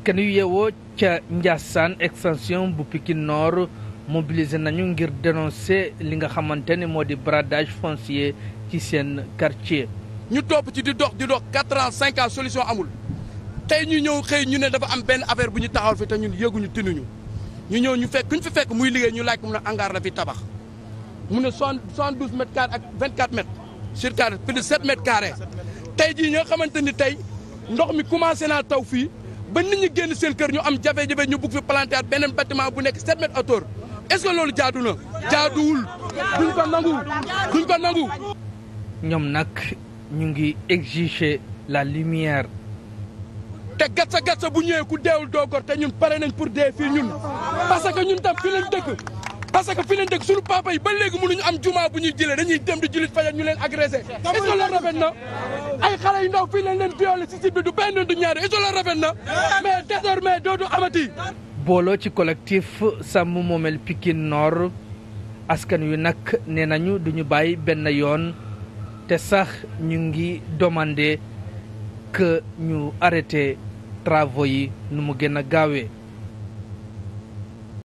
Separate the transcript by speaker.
Speaker 1: askan yu yeewoo ca Ndiassane extension bu Pikine Nord mobilisé nañu ngir dénoncer li nga xamante ni moo di bradage foncier ci seen quartier.
Speaker 2: ñu topp ci di dox di dox quatre ans cinq ans amul tey ñu ñëw xëy ñu ne dafa am benn affaire bu ñu taxawal fi te ñun yëguñu tinuñu ñu ñëw ñu fekk ñu fi fekk muy liggéey ñu laaj ko na a hangar fi tabax mu ne soixante douze mètres carrés ak vingt quatre mètres sur carré plus de sept mètres carrés tey jii ñoo xamante ni tey ndox mi commencé naa taw fii. ba nit ñi seen kër ñu am jafe-jafe ñu bugg fi planter at beneen bâtiment bu nekk 7 mètres hauteur est-ce que loolu jaadu jaaduwul duñ ko nangu duñ ko nangu. ñoom nag ñu ngi exiger la lumière. te gatsa gatsa bu ñëwee ku deewul doo te ñun pare nañ pour fii ñun parce que ñun tam fi lañ parce que fi leen dëkk suñu am juma bu ñuy jëlee dañuy dem di jullit fajar ñu leen agressé est-ce na ay xale ndaw fii leen leen violé si site bi du benn du ñaari est-ce que loolu rafet na doodu amati
Speaker 1: booloo ci collectif sàmm moomeel pikin noor askan wi nag nee nañu duñu bàyyi benn yoon te sax ñu ngi demandé que ñu arrêté travaux yi nu mu gën a gaawee